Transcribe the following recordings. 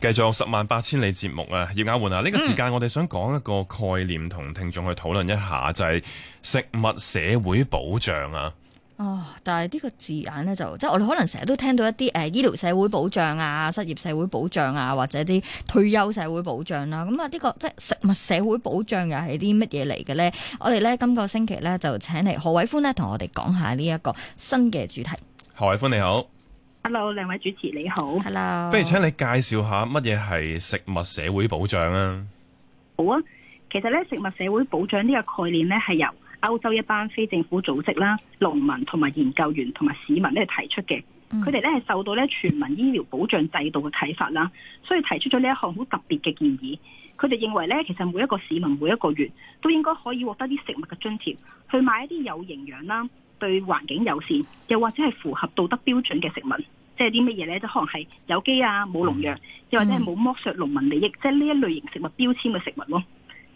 繼續十萬八千里節目啊，葉雅煥啊，呢、這個時間我哋想講一個概念，同聽眾去討論一下，嗯、就係食物社會保障啊。哦，但係呢個字眼呢，就即係我哋可能成日都聽到一啲誒、呃、醫療社會保障啊、失業社會保障啊，或者啲退休社會保障啊。咁、嗯、啊，呢、這個即係食物社會保障又係啲乜嘢嚟嘅呢？我哋呢，今個星期呢，就請嚟何偉歡呢，同我哋講下呢一個新嘅主題。何偉歡你好。hello，兩位主持你好。hello，不如請你介紹下乜嘢係食物社會保障啊？好啊，其實咧食物社會保障呢個概念咧係由歐洲一班非政府組織啦、農民同埋研究員同埋市民咧提出嘅。佢哋咧係受到咧全民醫療保障制度嘅啟發啦，所以提出咗呢一項好特別嘅建議。佢哋認為咧，其實每一個市民每一個月都應該可以獲得啲食物嘅津貼，去買一啲有營養啦。對環境友善，又或者係符合道德標準嘅食物，即係啲乜嘢呢？都可能係有機啊，冇農藥，又或者係冇剝削農民利益，嗯、即係呢一類型食物標籤嘅食物咯。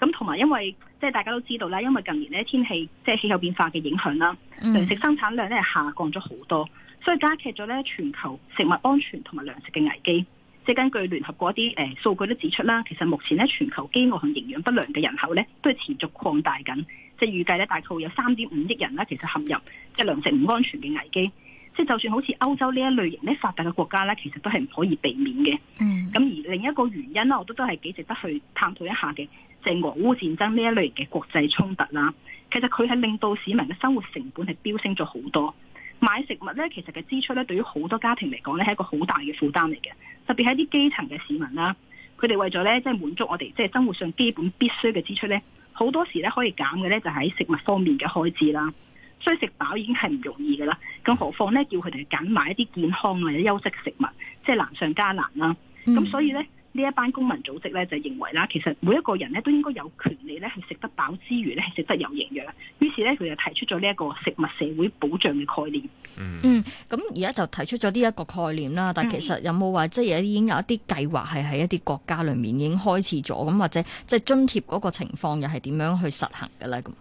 咁同埋，因為即係大家都知道啦，因為近年咧天氣即係氣候變化嘅影響啦，糧食生產量咧係下降咗好多，所以加劇咗呢全球食物安全同埋糧食嘅危機。即係根據聯合國一啲誒、呃、數據都指出啦，其實目前呢，全球饑餓同營養不良嘅人口呢，都係持續擴大緊。即係預計咧，大概有三點五億人咧，其實陷入即係糧食唔安全嘅危機。即係就算好似歐洲呢一類型咧，發達嘅國家咧，其實都係唔可以避免嘅。嗯。咁而另一個原因咧，我都都係幾值得去探討一下嘅，即係俄烏戰爭呢一類型嘅國際衝突啦。其實佢係令到市民嘅生活成本係飆升咗好多。買食物咧，其實嘅支出咧，對於好多家庭嚟講咧，係一個好大嘅負擔嚟嘅。特別係啲基層嘅市民啦，佢哋為咗咧，即係滿足我哋即係生活上基本必須嘅支出咧。好多時咧，可以減嘅咧就喺食物方面嘅開支啦，所以食飽已經係唔容易噶啦，咁何況咧叫佢哋揀埋一啲健康或者優質食物，即係難上加難啦，啊。咁所以咧。呢一班公民組織咧就認為啦，其實每一個人咧都應該有權利咧係食得飽之餘咧食得有營養。於是咧佢就提出咗呢一個食物社會保障嘅概念。嗯，咁而家就提出咗呢一個概念啦。但係其實有冇話即係已經有一啲計劃係喺一啲國家裏面已經開始咗咁，或者即係津貼嗰個情況又係點樣去實行嘅咧？咁、嗯、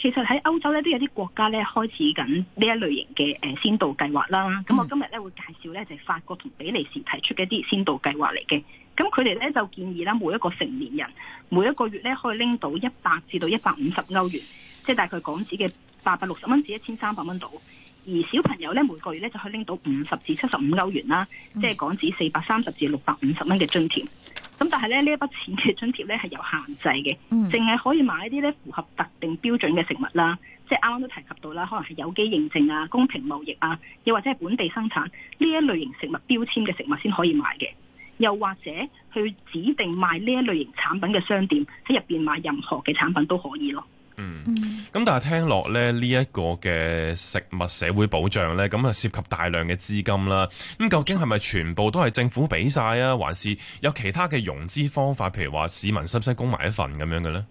其實喺歐洲咧都有啲國家咧開始緊呢一類型嘅誒先導計劃啦。咁我今日咧會介紹咧就係法國同比利時提出嘅一啲先導計劃嚟嘅。嗯。咁佢哋咧就建議咧，每一個成年人每一個月咧可以拎到一百至到一百五十歐元，即係大概港紙嘅八百六十蚊至一千三百蚊度。而小朋友咧，每個月咧就可以拎到五十至七十五歐元啦，即係港紙四百三十至六百五十蚊嘅津貼。咁但係咧，呢一筆錢嘅津貼咧係有限制嘅，淨係可以買一啲咧符合特定標準嘅食物啦。即係啱啱都提及到啦，可能係有機認證啊、公平貿易啊，又或者係本地生產呢一類型食物標籤嘅食物先可以買嘅。又或者去指定賣呢一類型產品嘅商店喺入邊買任何嘅產品都可以咯。嗯，咁但係聽落咧呢一個嘅食物社會保障咧，咁啊涉及大量嘅資金啦。咁、嗯、究竟係咪全部都係政府俾晒啊？還是有其他嘅融資方法？譬如話市民使唔使供埋一份咁樣嘅咧？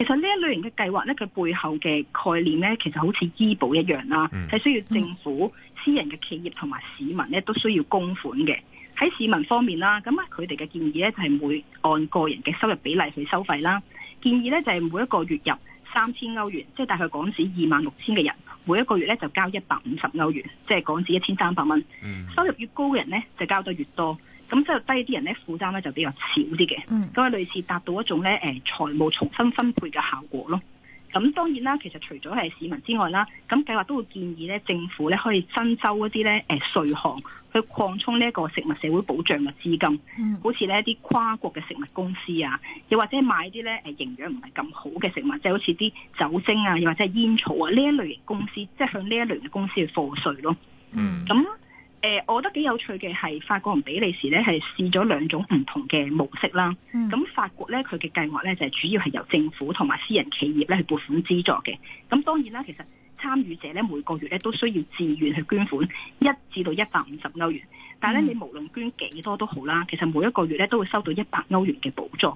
其實呢一類型嘅計劃咧，佢背後嘅概念咧，其實好似醫保一樣啦，係、嗯、需要政府、嗯、私人嘅企業同埋市民咧都需要供款嘅。喺市民方面啦，咁啊佢哋嘅建議咧就係每按個人嘅收入比例去收費啦。建議咧就係每一個月入三千歐元，即係大概港紙二萬六千嘅人，每一個月咧就交一百五十歐元，即係港紙一千三百蚊。收入越高嘅人咧就交得越多，咁即係低啲人咧負擔咧就比較少啲嘅。咁啊，類似達到一種咧誒財務重新分配嘅效果咯。咁當然啦，其實除咗係市民之外啦，咁計劃都會建議咧，政府咧可以增收嗰啲咧誒稅項，去擴充呢一個食物社會保障嘅資金。嗯。好似呢啲跨國嘅食物公司啊，又或者買啲咧誒營養唔係咁好嘅食物，即係好似啲酒精啊，又或者煙草啊呢一類型公司，即係向呢一類嘅公司去課稅咯。嗯。咁。我覺得幾有趣嘅係法國同比利時咧，係試咗兩種唔同嘅模式啦。咁、嗯、法國咧佢嘅計劃咧就係、是、主要係由政府同埋私人企業咧去撥款資助嘅。咁當然啦，其實參與者咧每個月咧都需要自願去捐款一至到一百五十歐元。但係咧、嗯、你無論捐幾多都好啦，其實每一個月咧都會收到一百歐元嘅補助。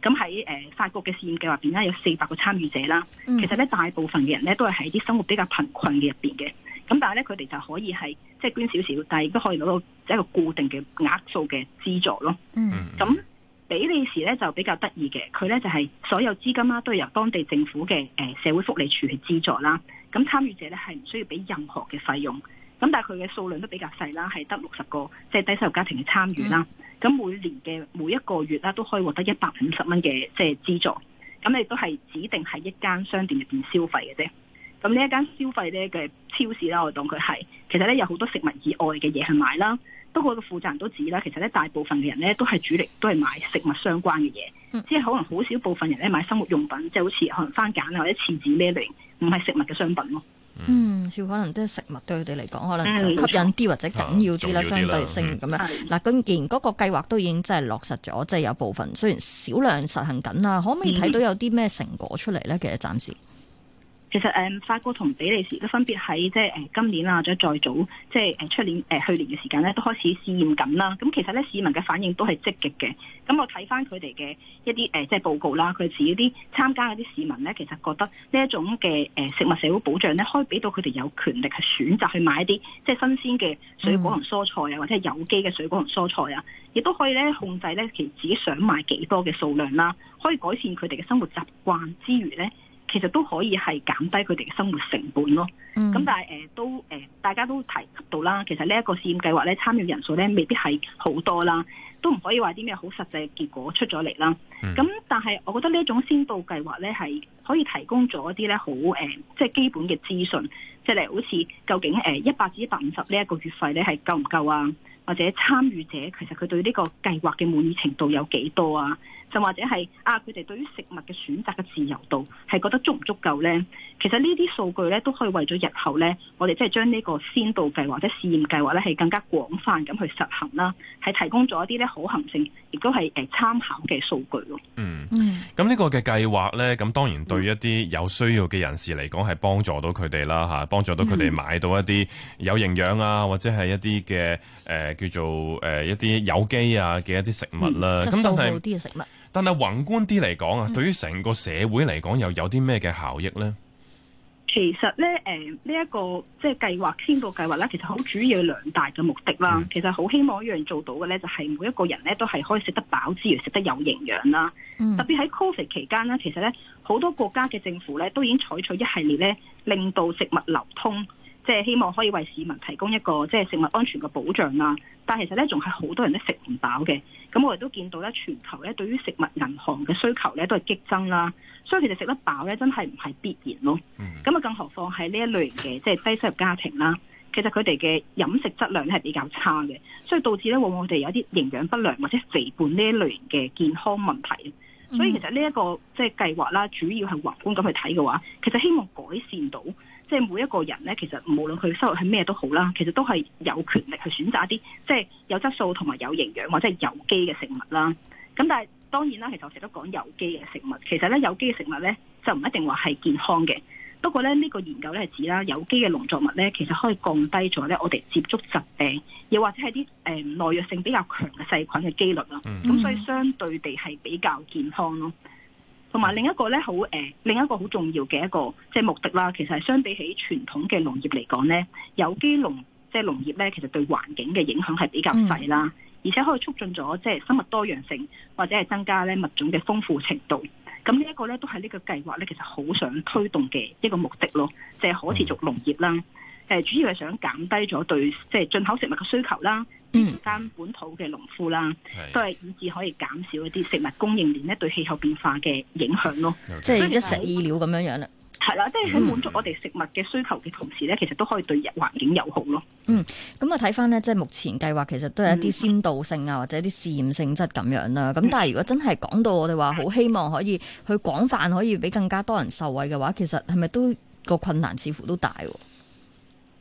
咁喺誒法國嘅試驗計劃入邊咧有四百個參與者啦。嗯、其實咧大部分嘅人咧都係喺啲生活比較貧困嘅入邊嘅。咁但係咧，佢哋就可以係即係捐少少，但係亦都可以攞到一個固定嘅額數嘅資助咯。嗯，咁 比利時咧就比較得意嘅，佢咧就係所有資金啦都由當地政府嘅誒社會福利處去資助啦。咁參與者咧係唔需要俾任何嘅費用。咁但係佢嘅數量都比較細啦，係得六十個即係、就是、低收入家庭嘅參與啦。咁 每年嘅每一個月啦，都可以獲得一百五十蚊嘅即係資助。咁你都係指定喺一間商店入邊消費嘅啫。咁呢一間消費咧嘅超市啦，我當佢係其實咧有好多食物以外嘅嘢去買啦。不過個負責人都指啦，其實咧大部分嘅人咧都係主力都係買食物相關嘅嘢，嗯、即係可能好少部分人咧買生活用品，即係好似可能番梘啊或者廁紙咩類，唔係食物嘅商品咯。嗯，似乎可能都係食物對佢哋嚟講，可能吸引啲或者緊要啲啦，啊、相對性咁樣。嗱，咁既然嗰個計劃都已經真係落實咗，即係、嗯、有部分雖然少量實行緊啦，可唔可以睇到有啲咩成果出嚟咧？其實暫時。其實誒法國同比利時都分別喺即係誒今年啊，或者再早即係誒出年誒去年嘅時間咧，都開始試驗緊啦。咁其實咧市民嘅反應都係積極嘅。咁我睇翻佢哋嘅一啲誒即係報告啦，佢自己啲參加嗰啲市民咧，其實覺得呢一種嘅誒食物社會保障咧，可以俾到佢哋有權力去選擇去買一啲即係新鮮嘅水果同蔬菜啊，嗯、或者係有機嘅水果同蔬菜啊，亦都可以咧控制咧其自己想買幾多嘅數量啦，可以改善佢哋嘅生活習慣之餘咧。其實都可以係減低佢哋嘅生活成本咯。咁、嗯、但係誒都誒，大家都提及到啦。其實呢一個試驗計劃咧，參與人數咧未必係好多啦，都唔可以話啲咩好實際嘅結果出咗嚟啦。咁、嗯、但係我覺得呢一種先導計劃咧，係可以提供咗一啲咧好誒，即係基本嘅資訊，即係例如好似究竟誒一百至一百五十呢一個月費咧係夠唔夠啊？或者參與者其實佢對呢個計劃嘅滿意程度有幾多啊？就或者係啊，佢哋對於食物嘅選擇嘅自由度係覺得足唔足夠呢？其實呢啲數據呢都可以為咗日後呢，我哋即係將呢個先導計劃或者、就是、試驗計劃呢，係更加廣泛咁去實行啦，係提供咗一啲呢可行性，亦都係誒參考嘅數據咯。嗯，咁呢個嘅計劃呢，咁當然對一啲有需要嘅人士嚟講係幫助到佢哋啦，嚇幫助到佢哋買到一啲有營養啊，或者係一啲嘅誒叫做誒一啲有機啊嘅一啲食物啦。咁但係啲食物。嗯。但係宏觀啲嚟講啊，嗯、對於成個社會嚟講，又有啲咩嘅效益呢？其實咧，誒、呃，呢、這、一個即係計劃簽個計劃咧，其實好主要有兩大嘅目的啦。嗯、其實好希望一樣做到嘅咧，就係每一個人咧都係可以食得飽之餘食得有營養啦。嗯、特別喺 Covid 期間啦，其實咧好多國家嘅政府咧都已經採取一系列咧，令到食物流通。即係希望可以為市民提供一個即係食物安全嘅保障啦，但係其實咧仲係好多人都食唔飽嘅，咁我哋都見到咧全球咧對於食物銀行嘅需求咧都係激增啦，所以其實食得飽咧真係唔係必然咯。咁啊、嗯，更何況係呢一類嘅即係低收入家庭啦，其實佢哋嘅飲食質量咧係比較差嘅，所以導致咧往往我哋有啲營養不良或者肥胖呢一類嘅健康問題。所以其實呢一個即係計劃啦，主要係宏觀咁去睇嘅話，其實希望改善到。即係每一個人咧，其實無論佢收入係咩都好啦，其實都係有權力去選擇一啲即係有質素同埋有營養或者係有機嘅食物啦。咁但係當然啦，其實我成日都講有機嘅食物，其實咧有機嘅食物咧就唔一定話係健康嘅。不過咧呢個研究咧係指啦，有機嘅農作物咧其實可以降低咗咧我哋接觸疾病，又或者係啲誒耐藥性比較強嘅細菌嘅幾率咯。咁、嗯嗯、所以相對地係比較健康咯。同埋另一個咧，好誒，另一個好重要嘅一個即係目的啦。其實係相比起傳統嘅農業嚟講咧，有機農即係、就是、農業咧，其實對環境嘅影響係比較細啦，而且可以促進咗即係生物多樣性，或者係增加咧物種嘅豐富程度。咁呢一個咧，都係呢個計劃咧，其實好想推動嘅一個目的咯，就係、是、可持續農業啦。誒，主要係想減低咗對即係進口食物嘅需求啦，支持翻本土嘅農夫啦，嗯、都係以至可以減少一啲食物供應鏈咧對氣候變化嘅影響咯，即係一石二鳥咁樣樣啦。係啦，即係喺滿足我哋食物嘅需求嘅同時咧，其實都可以對環境友好咯。嗯，咁啊睇翻咧，即係目前計劃其實都係一啲先導性啊，或者一啲試驗性質咁樣啦。咁、嗯、但係如果真係講到我哋話好希望可以去廣泛可以俾更加多人受惠嘅話，其實係咪都個困難似，似乎都大？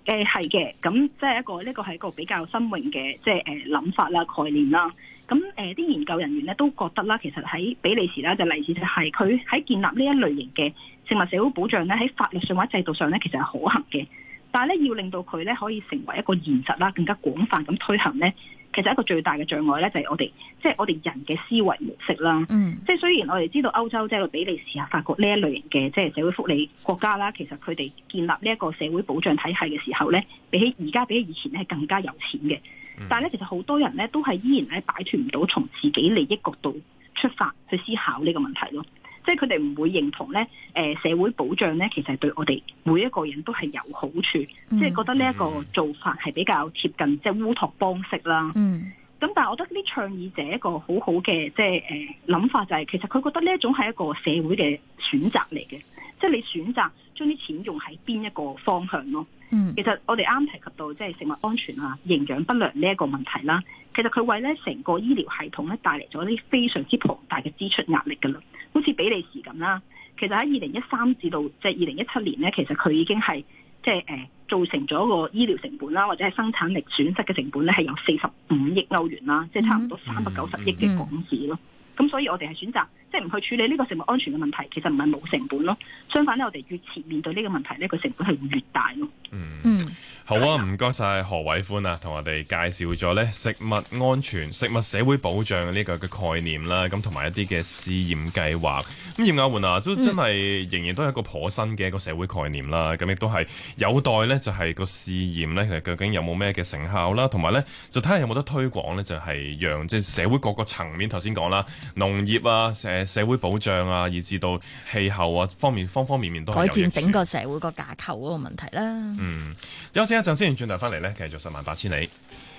誒，係嘅，咁即係一個呢個係一個比較新穎嘅即係誒諗法啦、概念啦。咁誒，啲研究人員咧都覺得啦，其實喺比利時咧就例子就係，佢喺建立呢一類型嘅食物社會保障咧，喺法律上或者制度上咧，其實係可行嘅。但係咧，要令到佢咧可以成為一個現實啦，更加廣泛咁推行咧。其實一個最大嘅障礙咧，就係、是、我哋即係我哋人嘅思維模式啦。即係、mm. 雖然我哋知道歐洲即係、就是、比利時啊、法國呢一類型嘅即係社會福利國家啦，其實佢哋建立呢一個社會保障體系嘅時候咧，比起而家比起以前咧係更加有錢嘅。Mm. 但係咧，其實好多人咧都係依然咧擺脫唔到從自己利益角度出發去思考呢個問題咯。即係佢哋唔會認同咧，誒社會保障咧其實係對我哋每一個人都係有好處，即係、嗯、覺得呢一個做法係比較貼近即係、就是、烏托邦式啦。嗯，咁但係我覺得呢倡議者一個好好嘅即係誒諗法就係、是、其實佢覺得呢一種係一個社會嘅選擇嚟嘅，即、就、係、是、你選擇將啲錢用喺邊一個方向咯。嗯，其實我哋啱提及到即係食物安全啊、營養不良呢一個問題啦，其實佢為咧成個醫療系統咧帶嚟咗啲非常之龐大嘅支出壓力㗎啦。好似比利時咁啦，其實喺二零一三至到即係二零一七年咧，其實佢已經係即係誒造成咗個醫療成本啦，或者係生產力損失嘅成本咧，係由四十五億歐元啦，嗯、即係差唔多三百九十億嘅港紙咯。咁、嗯嗯嗯、所以我哋係選擇，即係唔去處理呢個食物安全嘅問題，其實唔係冇成本咯。相反咧，我哋越前面對呢個問題，呢個成本係會越大咯。嗯，好啊，唔該晒何偉歡啊，同我哋介紹咗咧食物安全、食物社會保障呢個嘅概念啦，咁同埋一啲嘅試驗計劃。咁葉亞煥啊，都真係仍然都係一個頗新嘅一個社會概念啦。咁亦都係有待呢，就係、是、個試驗呢，其實究竟有冇咩嘅成效啦，同埋呢，就睇下有冇得推廣呢？就係、是、讓即係、就是、社會各個層面，頭先講啦，農業啊，社會保障啊，以至到氣候啊方，方面，方方面面都改善整個社會個架構嗰個問題啦。嗯，休息一陣先，轉頭翻嚟咧，繼續十萬八千里，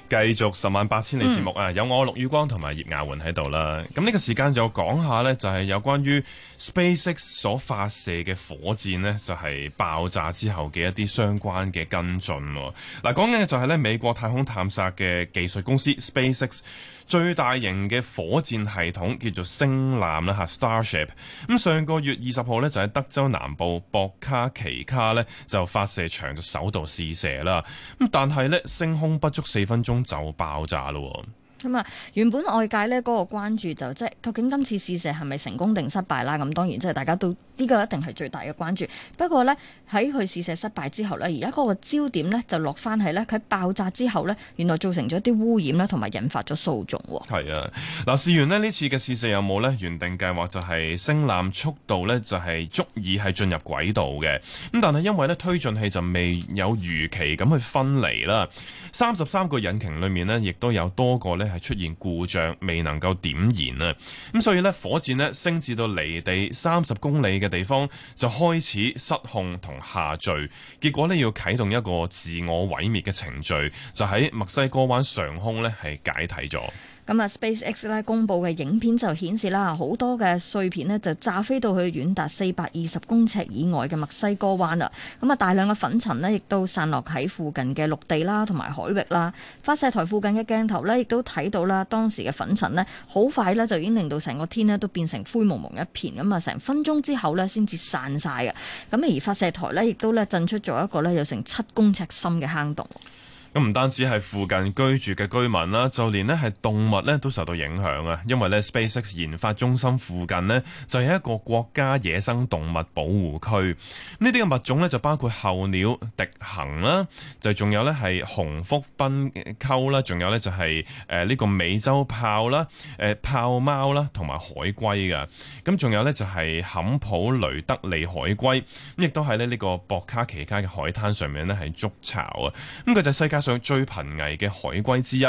繼續十萬八千里節目啊！嗯、有我陸宇光同埋葉亞雲喺度啦。咁、這、呢個時間就講下咧，就係有關於 SpaceX 所發射嘅火箭呢，就係爆炸之後嘅一啲相關嘅跟進。嗱，講緊嘅就係咧，美國太空探索嘅技術公司 SpaceX。最大型嘅火箭系統叫做星艦啦吓 Starship，咁、嗯、上個月二十號咧就喺德州南部博卡奇卡咧就發射場就首度試射啦，咁、嗯、但係咧升空不足四分鐘就爆炸啦。咁啊，原本外界呢嗰個關注就即係究竟今次試射係咪成功定失敗啦？咁當然即係大家都呢個一定係最大嘅關注。不過呢，喺佢試射失敗之後呢，而家嗰個焦點呢就落翻係呢，佢爆炸之後呢，原來造成咗一啲污染啦，同埋引發咗訴訟。係啊，嗱試完咧呢次嘅試射任務呢，原定計劃就係升攬速度呢，就係足以係進入軌道嘅。咁但係因為呢推進器就未有如期咁去分離啦，三十三個引擎裏面呢，亦都有多個呢。係出現故障，未能夠點燃啊，咁所以咧，火箭咧升至到離地三十公里嘅地方，就開始失控同下墜，結果咧要啟動一個自我毀滅嘅程序，就喺墨西哥灣上空咧係解體咗。咁啊，SpaceX 咧公佈嘅影片就顯示啦，好多嘅碎片呢就炸飛到去遠達四百二十公尺以外嘅墨西哥灣啦。咁啊，大量嘅粉塵呢亦都散落喺附近嘅陸地啦，同埋海域啦。發射台附近嘅鏡頭呢亦都睇到啦，當時嘅粉塵呢好快呢就已經令到成個天呢都變成灰蒙蒙一片。咁啊，成分鐘之後呢先至散晒嘅。咁而發射台呢亦都呢震出咗一個呢有成七公尺深嘅坑洞。咁唔單止係附近居住嘅居民啦，就連咧係動物咧都受到影響啊！因為咧 SpaceX 研發中心附近咧就係一個國家野生動物保護區，咁呢啲嘅物種咧就包括候鳥笛鴴啦，就仲有咧係紅腹濱溝啦，仲有咧就係誒呢個美洲豹啦、誒豹貓啦，同埋海龜嘅。咁仲有咧就係坎普雷德利海龜，咁亦都係咧呢個博卡奇卡嘅海灘上面咧係築巢啊！咁佢就世界上最瀕危嘅海龜之一。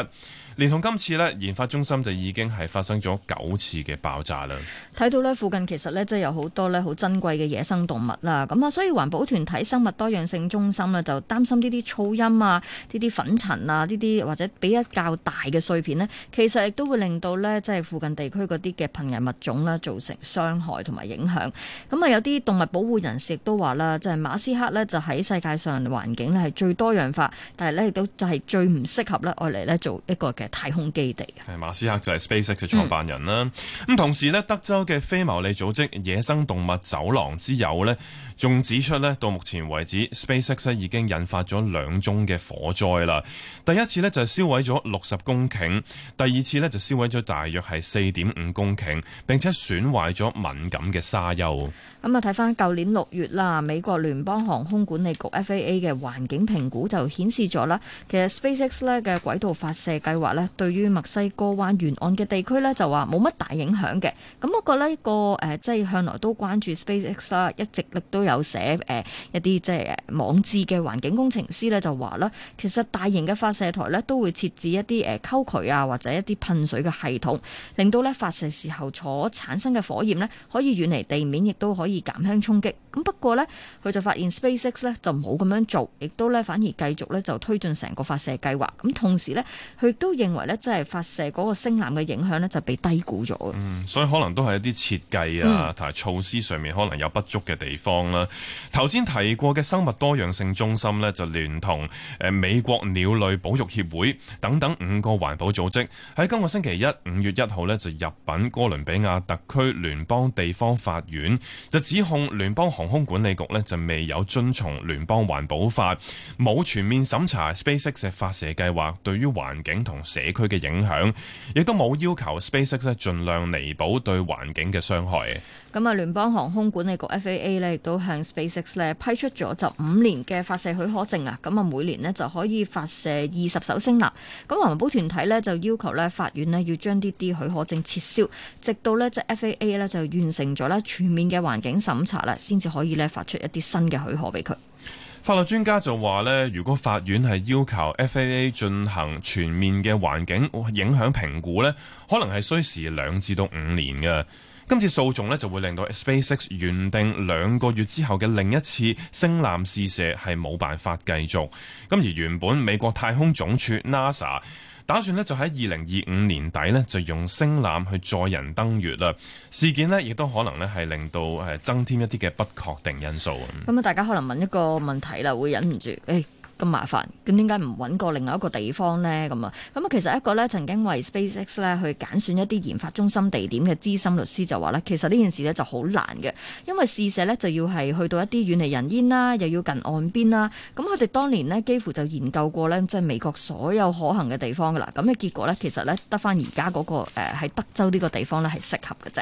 連同今次呢，研發中心就已經係發生咗九次嘅爆炸啦。睇到呢附近其實呢，即係有好多呢好珍貴嘅野生動物啦。咁啊，所以環保團體生物多樣性中心呢，就擔心呢啲噪音啊、呢啲粉塵啊、呢啲或者比較大嘅碎片呢，其實亦都會令到呢，即係附近地區嗰啲嘅瀕危物種呢，造成傷害同埋影響。咁啊，有啲動物保護人士亦都話啦，即係馬斯克呢，就喺世界上環境呢係最多樣化，但係呢，亦都就係最唔適合呢，愛嚟呢做一個嘅。太空基地嘅。馬斯克就係 SpaceX 嘅創辦人啦。咁、嗯、同時咧，德州嘅非牟利組織野生動物走廊之友咧，仲指出咧，到目前為止，SpaceX 已經引發咗兩宗嘅火災啦。第一次咧就係燒毀咗六十公頃，第二次咧就燒毀咗大約係四點五公頃，並且損壞咗敏感嘅沙丘。咁啊，睇翻舊年六月啦，美國聯邦航空管理局 FAA 嘅環境評估就顯示咗啦，其實 SpaceX 咧嘅軌道發射計劃咧，對於墨西哥灣沿岸嘅地區咧，就話冇乜大影響嘅。咁我覺得個誒，呃，即係向來都關注 SpaceX 啦，一直亦都有。有寫誒、呃、一啲即係誒網誌嘅環境工程師咧，就話啦，其實大型嘅發射台咧都會設置一啲誒溝渠啊，或者一啲噴水嘅系統，令到咧發射時候所產生嘅火焰咧可以遠離地面，亦都可以減輕衝擊。咁不過咧，佢就發現 SpaceX 咧就冇咁樣做，亦都咧反而繼續咧就推進成個發射計劃。咁同時咧，佢亦都認為咧即係發射嗰個聲浪嘅影響咧就被低估咗。嗯，所以可能都係一啲設計啊，同埋措施上面可能有不足嘅地方。頭先提過嘅生物多樣性中心咧，就聯同誒美國鳥類保育協會等等五個環保組織，喺今個星期一五月一號咧就入禀哥倫比亞特區聯邦地方法院，就指控聯邦航空管理局咧就未有遵從聯邦環保法，冇全面審查 SpaceX 嘅發射計劃對於環境同社區嘅影響，亦都冇要求 SpaceX 咧盡量彌補對環境嘅傷害。咁啊，聯邦航空管理局 FAA 咧亦都。向 SpaceX 咧批出咗就五年嘅發射許可證啊，咁啊每年呢就可以發射二十艘星艦啦。咁環保團體呢就要求咧法院呢要將呢啲許可證撤銷，直到呢即 FAA 咧就完成咗咧全面嘅環境審查啦，先至可以咧發出一啲新嘅許可俾佢。法律專家就話呢，如果法院係要求 FAA 進行全面嘅環境影響評估呢，可能係需時兩至到五年嘅。今次訴訟呢，就會令到 SpaceX 原定兩個月之後嘅另一次星艦試射係冇辦法繼續。咁而原本美國太空總署 NASA 打算呢就喺二零二五年底呢就用星艦去載人登月啦。事件呢亦都可能呢係令到誒增添一啲嘅不確定因素。咁啊，大家可能問一個問題啦，會忍唔住誒？哎咁麻煩，咁點解唔揾過另外一個地方呢？咁啊，咁啊，其實一個咧，曾經為 SpaceX 咧去揀選一啲研發中心地點嘅資深律師就話咧，其實呢件事咧就好難嘅，因為試射咧就要係去到一啲遠離人煙啦，又要近岸邊啦。咁佢哋當年呢幾乎就研究過呢，即係美國所有可行嘅地方噶啦。咁嘅結果呢，其實呢得翻而家嗰個誒喺德州呢個地方呢係適合嘅啫。